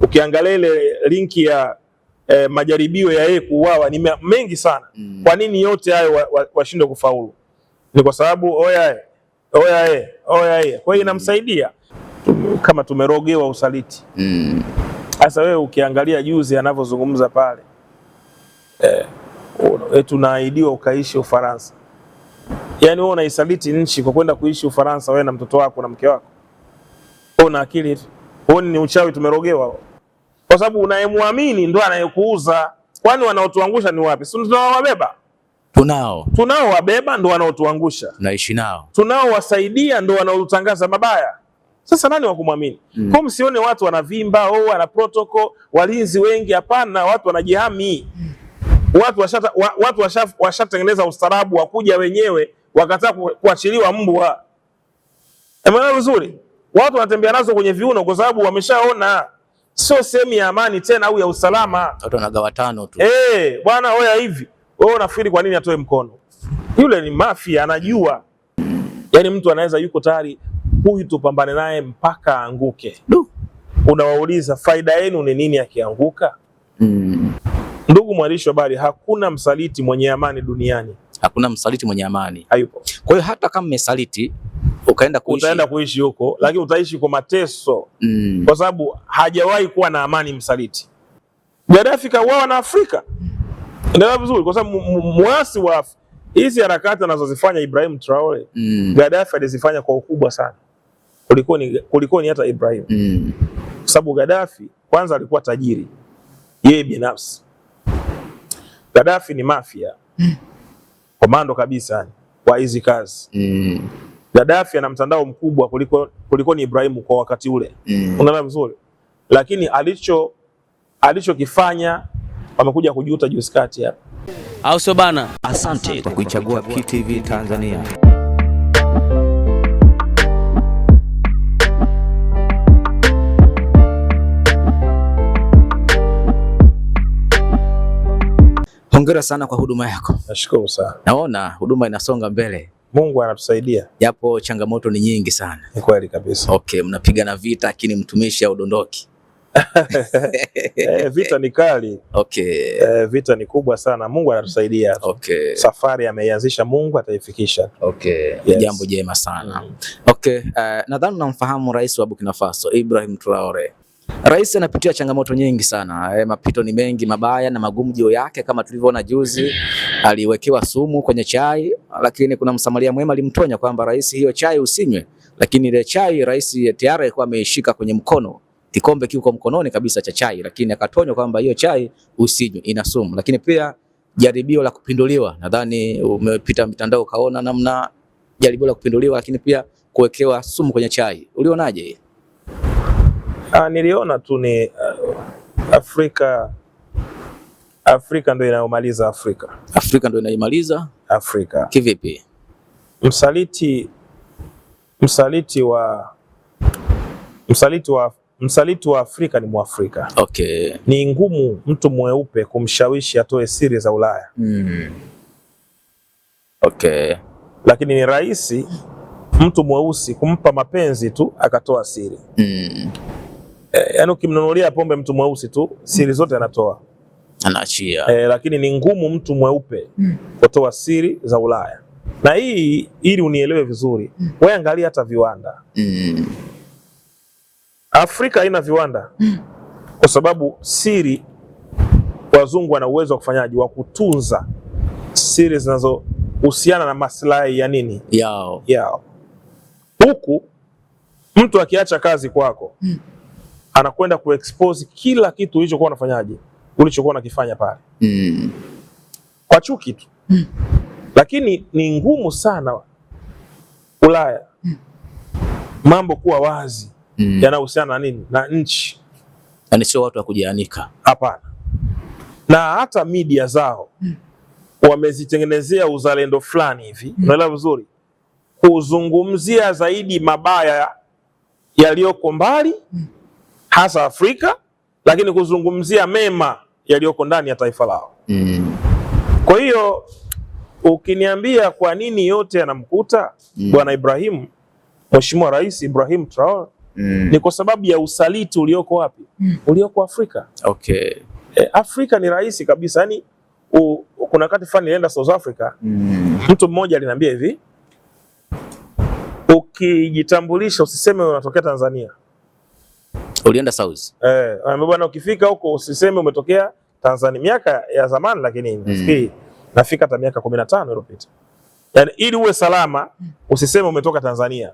Ukiangalia ile linki ya eh, majaribio ya yeye kuuawa ni mengi sana mm. Kwa nini yote hayo washindwe wa, wa kufaulu? Ni kwa sababu oya oya oya. Kwa hiyo mm. inamsaidia kama tumerogewa usaliti mm. hasa mm. Wewe ukiangalia juzi anavyozungumza pale eh, tunaahidiwa ukaishi Ufaransa, yaani wewe unaisaliti nchi kwa kwenda kuishi Ufaransa, wewe na mtoto wako na mke wako. Una akili hivi? ni uchawi tumerogewa? kwa sababu unayemwamini ndo anayekuuza. Kwani wanaotuangusha ni wapi? Si tunawabeba? Tunao, tunaowabeba ndo wanaotuangusha, naishi nao, tunaowasaidia ndo wanaotangaza mabaya. Sasa nani wa kumwamini? Mm. Kwa msione watu wanavimba, oh, wana protocol, walinzi wengi. Hapana, watu wanajihami. Watu washata, wa, watu washatengeneza ustarabu wa kuja wenyewe, wakataa kuachiliwa mbwa. Umeona vizuri? Watu wanatembea nazo kwenye viuno kwa sababu wameshaona sio sehemu ya amani tena au ya usalama. Watu wanagawa tano tu. Eh, bwana oya hivi. Wewe unafikiri kwa nini atoe mkono? Yule ni mafia anajua. Yaani mtu anaweza yuko tayari huyu tupambane naye mpaka aanguke. Unawauliza faida yenu ni nini akianguka? Mm. Ndugu mwandishi wa habari, hakuna msaliti mwenye amani duniani. Hakuna msaliti mwenye amani. Hayupo. Kwa hiyo hata kama mmesaliti ukaenda kuishi, utaenda kuishi huko, lakini utaishi kwa mateso mm. kwa sababu hajawahi kuwa na amani msaliti. Gaddafi kauawa na Afrika endelea vizuri, kwa sababu mwasi wa hizi harakati anazozifanya Ibrahim Traore mm. Gaddafi alizifanya kwa ukubwa sana kuliko ni kuliko ni hata Ibrahim mm. kwa sababu Gaddafi kwanza alikuwa tajiri yeye binafsi. Gaddafi ni mafia mm. komando kabisa kwa hizi kazi mm. Gaddafi ana mtandao mkubwa kuliko kuliko ni Ibrahim kwa wakati ule mm. Unaona vizuri, lakini alicho alichokifanya wamekuja kujuta juzi kati hapa, au sio bana? Asante kwa kuichagua PTV Tanzania. Hongera sana kwa huduma yako. Nashukuru sana. Naona huduma inasonga mbele. Mungu anatusaidia japo changamoto ni nyingi sana. Ni kweli kabisa. Okay, mnapigana vita lakini mtumishi haudondoki. E, vita ni kali. Okay. E, vita ni kubwa sana. Mungu anatusaidia. Okay. Safari ameianzisha, Mungu ataifikisha. Okay. Yes. jambo jema sana. Mm. Okay, uh, nadhani unamfahamu Rais wa Burkina Faso Ibrahim Traore. Rais anapitia changamoto nyingi sana. E, mapito ni mengi mabaya na magumu juu yake, kama tulivyoona juzi aliwekewa sumu kwenye chai, lakini kuna msamaria mwema alimtonya kwamba rais, hiyo chai usinywe, lakini ile chai rais tayari alikuwa ameishika kwenye mkono kikombe kiko mkononi kabisa cha chai, lakini akatonywa kwamba hiyo chai usinywe, ina sumu. Lakini pia jaribio la kupinduliwa, nadhani umepita mitandao ukaona namna jaribio la kupinduliwa, lakini pia kuwekewa sumu kwenye chai, ulionaje? Ah, niliona tu ni ah, Afrika Afrika ndio inayomaliza Afrika. Afrika ndio inaimaliza Afrika. Kivipi? Msaliti msaliti wa msaliti wa msaliti wa Afrika ni Mwafrika. Okay. Ni ngumu mtu mweupe kumshawishi atoe siri za Ulaya. Mm. Okay. Lakini ni rahisi mtu mweusi kumpa mapenzi tu akatoa siri. Mm. Eh, yani ukimnunulia pombe mtu mweusi tu siri zote anatoa anaachia. E, lakini ni ngumu mtu mweupe kutoa siri za Ulaya, na hii ili unielewe vizuri wewe, angalia hata viwanda mm. Afrika haina viwanda kwa sababu siri, wazungu wana uwezo wa kufanyaji wa kutunza siri zinazohusiana na maslahi ya nini yao yao. Huku mtu akiacha kazi kwako mm anakwenda kuexpose kila kitu ulichokuwa unafanyaje, ulichokuwa unakifanya pale mm. kwa chuki tu mm. Lakini ni ngumu sana Ulaya mm. mambo kuwa wazi mm. yanayohusiana na nini na nchi, ni yaani sio watu wa kujianika, hapana. Na hata media zao mm. wamezitengenezea uzalendo fulani hivi mm. unaelewa vizuri, kuzungumzia zaidi mabaya yaliyoko mbali mm hasa Afrika, lakini kuzungumzia mema yaliyoko ndani ya taifa lao mm. Kwa hiyo ukiniambia kwa nini yote yanamkuta mm. Bwana Ibrahimu, Mheshimiwa Rais Ibrahim Traore mm. ni kwa sababu ya usaliti ulioko wapi? Mm. Ulioko Afrika. Okay. E, Afrika ni rahisi kabisa, yaani kuna wakati fulani nilienda South Africa mm. mtu mmoja aliniambia hivi, ukijitambulisha usiseme unatokea Tanzania ulienda South. Eh, anambia bwana, ukifika huko usiseme umetokea Tanzania miaka ya zamani, lakini hmm. nafikiri nafika hata miaka 15 iliyopita. Yaani ili uwe salama usiseme umetoka Tanzania.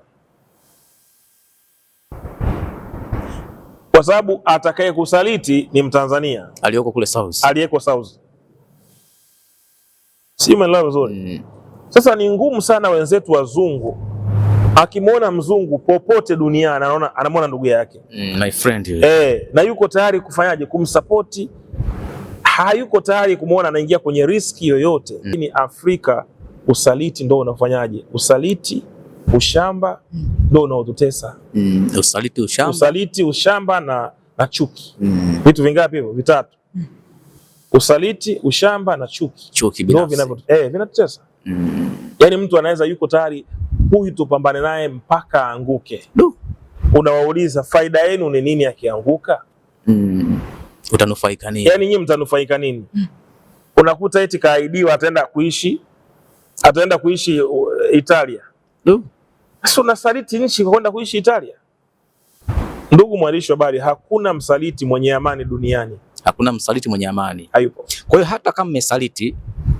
Kwa sababu atakaye kusaliti ni Mtanzania aliyeko kule South. Aliyeko South. Si vizuri? Mm. Sasa ni ngumu sana wenzetu wazungu akimwona mzungu popote duniani anaona anamwona ndugu yake mm, my friend eh, na yuko tayari kufanyaje kumsapoti, hayuko tayari kumwona anaingia kwenye riski yoyote mm. Ni Afrika usaliti ndo unafanyaje, usaliti ushamba ndo unaotutesa mm, usaliti, ushamba. Usaliti ushamba na, na chuki mm. vitu vingapi hivyo vitatu mm. Usaliti ushamba na chuki, chuki binafsi vinavyo eh, vinatutesa mm. Yaani mtu anaweza yuko tayari huyu tupambane naye mpaka anguke. Unawauliza faida yenu ni nini akianguka? Mm. Utanufaika nini? Yaani nyinyi mtanufaika nini? Mm. Unakuta eti kaahidiwa ataenda kuishi ataenda kuishi uh, Italia. Sasa unasaliti nchi kwa kwenda kuishi Italia? Ndugu mwandishi wa habari, hakuna msaliti mwenye amani duniani, hakuna msaliti mwenye amani, hayupo. Kwa hiyo hata kama mmesaliti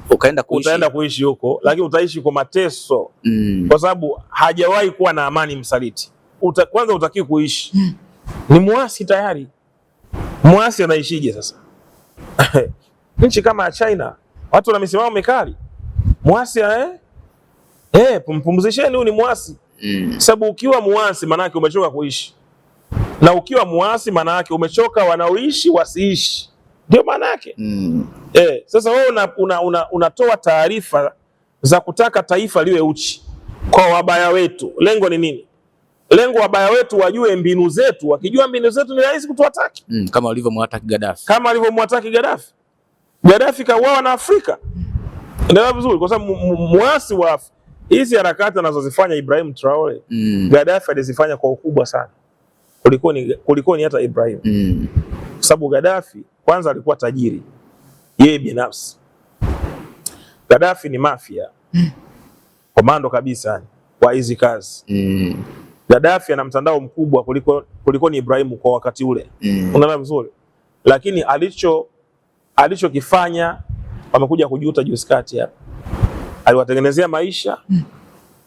ukaenda kuishi, utaenda kuishi huko, lakini utaishi kwa mateso mm. kwa sababu hajawahi kuwa na amani msaliti. Uta, kwanza utaki kuishi mm. ni muasi tayari. Muasi anaishije sasa? nchi kama ya China watu na misimamo mikali. Mwasi eh? Eh, mpumzisheni, huyu ni mwasi mm. sababu ukiwa mwasi maanake umechoka kuishi, na ukiwa mwasi maanake umechoka wanaoishi wasiishi ndio maana yake mm. Eh, sasa wewe una, una, una, unatoa taarifa za kutaka taifa liwe uchi kwa wabaya wetu. Lengo ni nini? Lengo wabaya wetu wajue mbinu zetu. Wakijua mbinu zetu ni rahisi kutuwataki mm, kama walivyomwataki Gaddafi, kama walivyomwataki Gaddafi. Gaddafi kauawa na Afrika, ndio vizuri, kwa sababu mwasi wa hizi harakati anazozifanya Ibrahim Traore mm. Gaddafi alizifanya kwa ukubwa sana kuliko ni kuliko ni hata Ibrahim mm. kwa sababu Gaddafi kwanza alikuwa tajiri yeye binafsi. Gaddafi ni mafia mm. komando kabisa kwa hizi kazi mm. Gaddafi ana mtandao mkubwa kuliko kuliko ni Ibrahimu kwa wakati ule mm. Unaona vizuri, lakini alicho alichokifanya wamekuja kujuta juzi kati hapa. Aliwatengenezea maisha mm.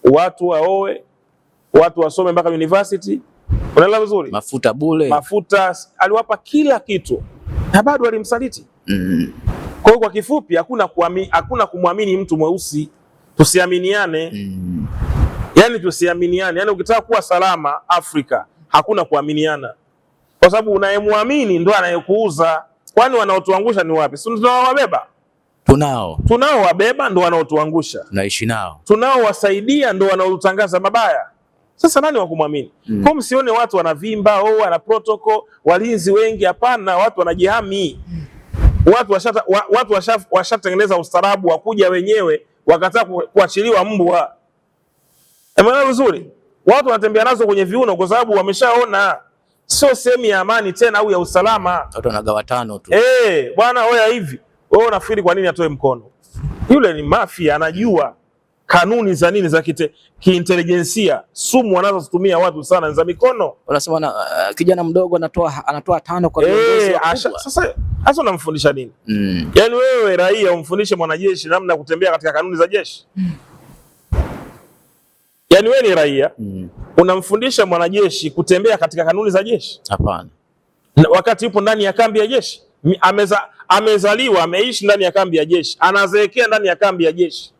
watu waoe, watu wasome mpaka university, unaelewa vizuri, mafuta bure, mafuta aliwapa kila kitu na bado alimsaliti. Mm. Kwa hiyo kwa kifupi, hakuna kuamini, hakuna kumwamini mtu mweusi, tusiaminiane. Mm. Mm-hmm. Yani tusiaminiane, yani ukitaka kuwa salama Afrika hakuna kuaminiana, kwa sababu unayemwamini ndo anayekuuza. Kwani wanaotuangusha ni wapi? Si tunawabeba tunao wabeba ndo wanaotuangusha, naishi nao tunaowasaidia ndo wanaotutangaza mabaya. Sasa nani wa kumwamini? Mm. Kwa msione watu wanavimba, oh, wana protocol, walinzi wengi, hapana, watu wanajihami. Mm. Watu washata wa, watu washatengeneza washa ustaarabu wa kuja wenyewe wakataa kuachiliwa mbwa. Umeona vizuri? Watu wanatembea nazo kwenye viuno kwa sababu wameshaona sio sehemu ya amani tena au ya usalama. Watu wanagawa tano tu. Eh, bwana, oya hivi. Wewe unafikiri kwa nini atoe mkono? Yule ni mafia anajua kanuni za nini za kiintelijensia, sumu wanazotumia watu sana za mikono. Unasema na, uh, kijana mdogo anatoa anatoa tano kwa eh, viongozi asha, Sasa hasa unamfundisha nini? Mm. Yaani wewe raia umfundishe mwanajeshi namna ya kutembea katika kanuni za jeshi? Mm. Yaani wewe ni raia mm. unamfundisha mwanajeshi kutembea katika kanuni za jeshi? Hapana. Wakati yupo ndani ya kambi ya jeshi, ameza, amezaliwa ameishi ndani ya kambi ya jeshi, anazeekea ndani ya kambi ya jeshi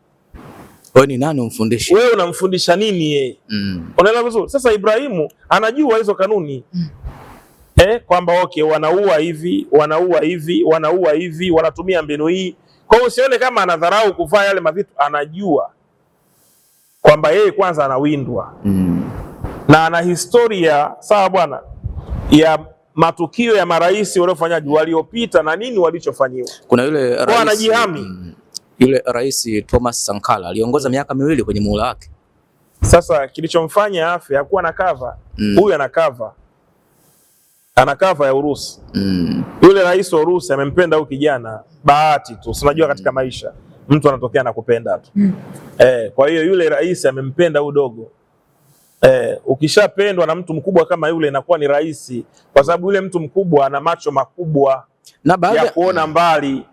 kwa ni nani umfundishe? Wewe unamfundisha nini yeye? Mm. Unaelewa vizuri? Sasa Ibrahimu anajua hizo kanuni. Mm. Eh, kwamba okay, wanaua hivi, wanaua hivi, wanaua hivi, wanatumia mbinu hii. Kwa hiyo usione kama anadharau kuvaa yale mavitu, anajua kwamba yeye kwanza anawindwa. Mm. Na ana historia sawa bwana ya matukio ya marais waliofanyaji waliopita na nini walichofanyiwa. Kuna yule rais anajihami. Mm yule Rais Thomas Sankara aliongoza miaka miwili kwenye muhula wake. Sasa kilichomfanya afe hakuwa na kava mm. huyu mm. ana kava ana kava ya Urusi mm. yule rais wa Urusi amempenda huyu kijana, bahati tu, unajua katika mm. maisha mtu anatokea na kupenda tu mm. eh, kwa hiyo yule rais amempenda huyu dogo eh, ukishapendwa na mtu mkubwa kama yule inakuwa ni rahisi, kwa sababu yule mtu mkubwa ana macho makubwa na baada... ya kuona mm. mbali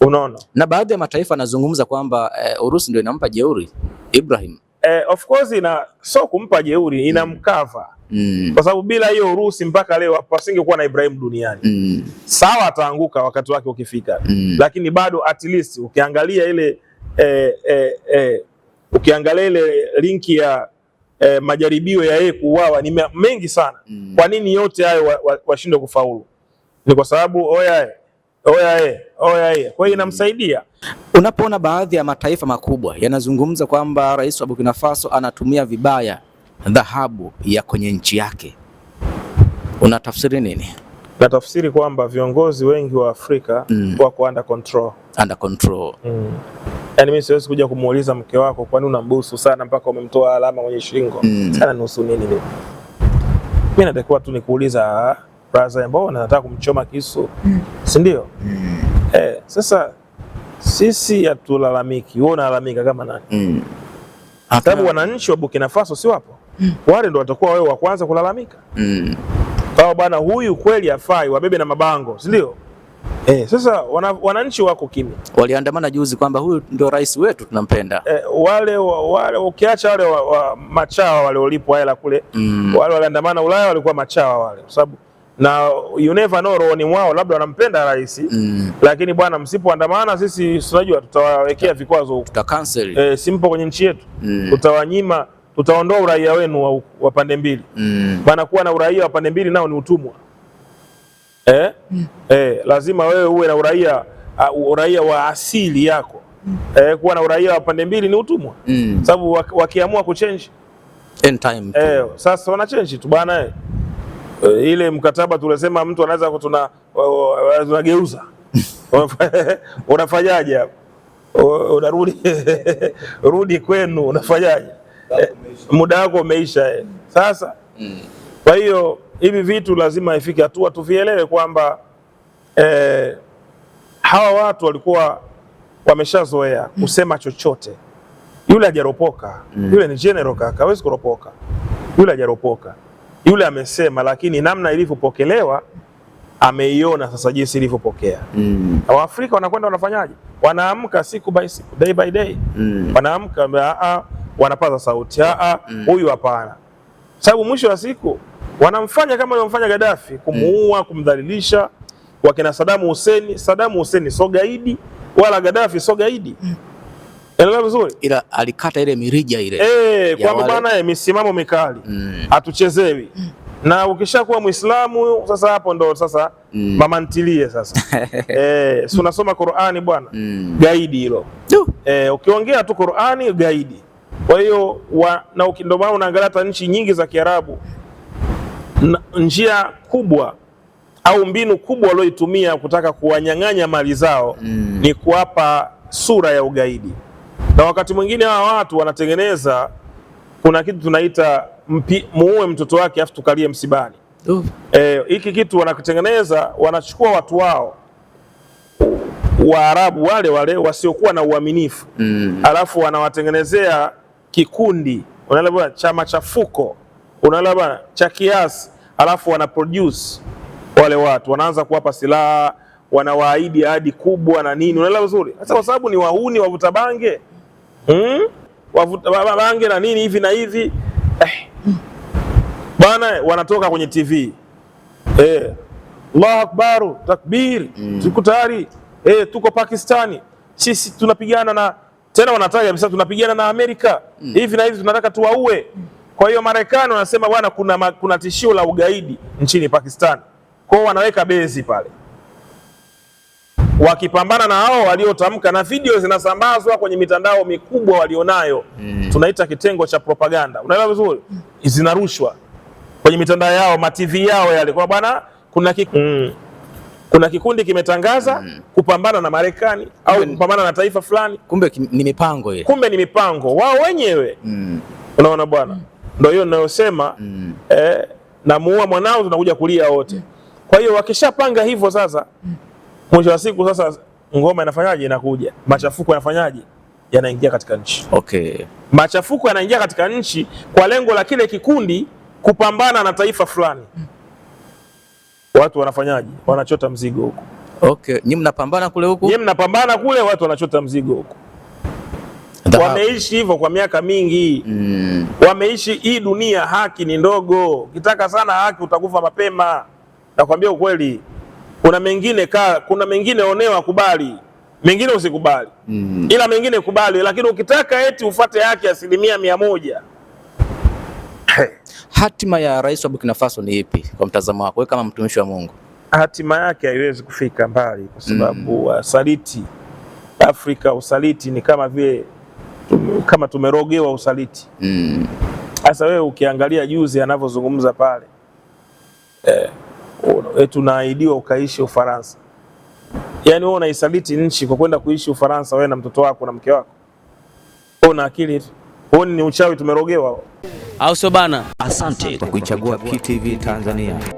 Unaona, na baadhi ya mataifa anazungumza kwamba eh, Urusi ndio inampa jeuri Ibrahim. Eh, of course ina so kumpa jeuri inamkava mm. mm. kwa sababu bila hiyo Urusi mpaka leo pasingekuwa na Ibrahim duniani mm. Sawa, ataanguka wakati wake ukifika mm. Lakini bado at least ukiangalia ile eh, eh, eh, ukiangalia ile linki ya eh, majaribio ya yeye kuuawa ni mengi sana mm. Kwa nini yote hayo washindwe wa, wa kufaulu? Ni kwa sababu oya Oyae, oyae. Kwa hiyo inamsaidia. Unapoona baadhi ya mataifa makubwa yanazungumza kwamba rais wa Burkina Faso anatumia vibaya dhahabu ya kwenye nchi yake, unatafsiri nini? Natafsiri kwamba viongozi wengi wa Afrika mm. wako under control. Under control. Mm. Yaani mimi siwezi kuja kumuuliza mke wako kwani unambusu sana mpaka umemtoa alama kwenye shingo. Mm. Sana nusu nini mimi? natakiwa tu nikuuliza brother ambao nataka kumchoma kisu mm. si ndio? mm. Eh, sasa sisi hatulalamiki, wewe unalalamika kama nani? mm. sababu wananchi wa Burkina Faso si wapo? mm. wale ndo watakuwa wewe wa kwanza kulalamika mm. kwa bwana huyu kweli hafai, wabebe na mabango, si ndio? Eh, sasa wana, wananchi wako kimya, waliandamana juzi kwamba huyu ndio rais wetu tunampenda. Eh, wale wale ukiacha wale wa, wa, machawa wale waliolipwa hela kule mm. wale waliandamana Ulaya walikuwa machawa wale, kwa sababu na you never know rohoni mwao labda wanampenda rais mm. Lakini bwana, msipoandamana sisi tunajua tutawawekea vikwazo huko, tuta cancel eh, simpo kwenye nchi yetu mm. Tutawanyima, tutaondoa uraia wenu wa, wa pande mbili mm. Maana kuwa na uraia wa pande mbili nao ni utumwa eh? Mm. Eh, lazima wewe uwe na uraia uh, uraia wa asili yako mm. Eh, kuwa na uraia wa pande mbili ni utumwa mm. Sababu wakiamua kuchange in time eh, sasa change tu bwana eh uh, ile mkataba tulisema mtu anaweza kutuna tunageuza unafanyaje hapo? Unarudi rudi kwenu, unafanyaje? muda wako eh, umeisha eh. Sasa mm. kwa hiyo hivi vitu lazima ifike hatua tuvielewe kwamba eh, hawa watu walikuwa wameshazoea mm. kusema chochote. Yule hajaropoka, mm. yule ni general kaka, hawezi kuropoka, yule hajaropoka yule amesema, lakini namna ilivyopokelewa ameiona sasa jinsi ilivyopokea. mm. Waafrika wanakwenda wanafanyaje? Wanaamka siku by siku, day by day. mm. Wanaamka ah, ah, wanapaza sauti ah, mm. huyu mm. hapana, sababu mwisho wa siku wanamfanya kama alivyomfanya Gaddafi, kumuua, mm. kumdhalilisha. Wakina Sadamu Huseni, Sadamu Huseni sogaidi gaidi, wala Gaddafi sogaidi gaidi. mm. Elewa vizuri, ila alikata ile mirija ile eh, kwamba ya eh, misimamo mikali mm. hatuchezewi mm. na ukishakuwa Muislamu sasa, hapo ndo sasa mm. mama ntilie sasa eh, si unasoma Qur'ani bwana mm. gaidi hilo eh, ukiongea tu Qur'ani gaidi. Kwa hiyo ndio maana unaangalia hata nchi nyingi za Kiarabu, njia kubwa au mbinu kubwa walioitumia kutaka kuwanyang'anya mali zao mm. ni kuwapa sura ya ugaidi. Na wakati mwingine hawa watu wanatengeneza, kuna kitu tunaita muue mtoto wake afu tukalie msibani. Eh, hiki e, kitu wanakitengeneza, wanachukua watu wao Waarabu wale wale wasiokuwa na uaminifu mm. Alafu wanawatengenezea kikundi, unaelewa, cha machafuko, unaelewa, cha kiasi. Alafu wana produce wale watu, wanaanza kuwapa silaha, wanawaahidi ahadi kubwa na nini, unaelewa vizuri. Sasa kwa sababu ni wahuni, wavuta bange, hmm? wavuta bange na nini hivi na hivi eh. Bwana wanatoka kwenye TV eh. Allahu Akbar takbir mm. tuko tayari eh, tuko Pakistani sisi tunapigana na tena wanataka kabisa tunapigana na Amerika mm. hivi na hivi tunataka tuwaue. Kwa hiyo Marekani wanasema bwana, kuna, kuna tishio la ugaidi nchini Pakistan, kwao wanaweka bezi pale wakipambana na hao waliotamka, na video zinasambazwa kwenye mitandao mikubwa walionayo mm. tunaita kitengo cha propaganda, unaelewa vizuri, zinarushwa kwenye mitandao yao, matv yao yale, kwa bwana, kuna kik mm. kuna kikundi kimetangaza mm. kupambana na Marekani au kupambana na taifa fulani, kumbe ni mipango ile, kumbe ni mipango wao wenyewe mm. unaona bwana mm. ndio hiyo ninayosema mm. eh, namuua mwanao tunakuja kulia wote. Mm. Kwa hiyo wakishapanga hivyo sasa mm. Mwisho wa siku sasa ngoma inafanyaje? Inakuja machafuko yanafanyaje? Yanaingia katika nchi. Okay, machafuko yanaingia katika nchi kwa lengo la kile kikundi kupambana na taifa fulani. Watu wanafanyaje? Wanachota mzigo huko. Okay, nyinyi mnapambana kule huko, nyinyi mnapambana kule, watu wanachota mzigo huko. Wameishi hivyo kwa miaka mingi mm. Wameishi hii dunia, haki ni ndogo, ukitaka sana haki utakufa mapema, nakwambia ukweli. Kuna mengine ka, kuna mengine onewa, kubali mengine usikubali. mm Ila mengine kubali, lakini ukitaka eti ufate haki asilimia mia moja. Hatima ya rais wa Burkina Faso ni ipi kwa mtazamo wako, kama mtumishi wa Mungu? Hatima yake haiwezi kufika mbali kwa sababu mm. wasaliti, mm -hmm. Afrika usaliti ni kama vile kama tumerogewa usaliti sasa. mm Wewe ukiangalia juzi anavyozungumza pale eh. Eh, tunaahidiwa ukaishi Ufaransa. Yaani wewe unaisaliti nchi kwa kwenda kuishi Ufaransa, wewe na mtoto wako na mke wako. Una akili Wewe Ni uchawi tumerogewa, au sio bana? Asante kwa kuichagua PTV Tanzania.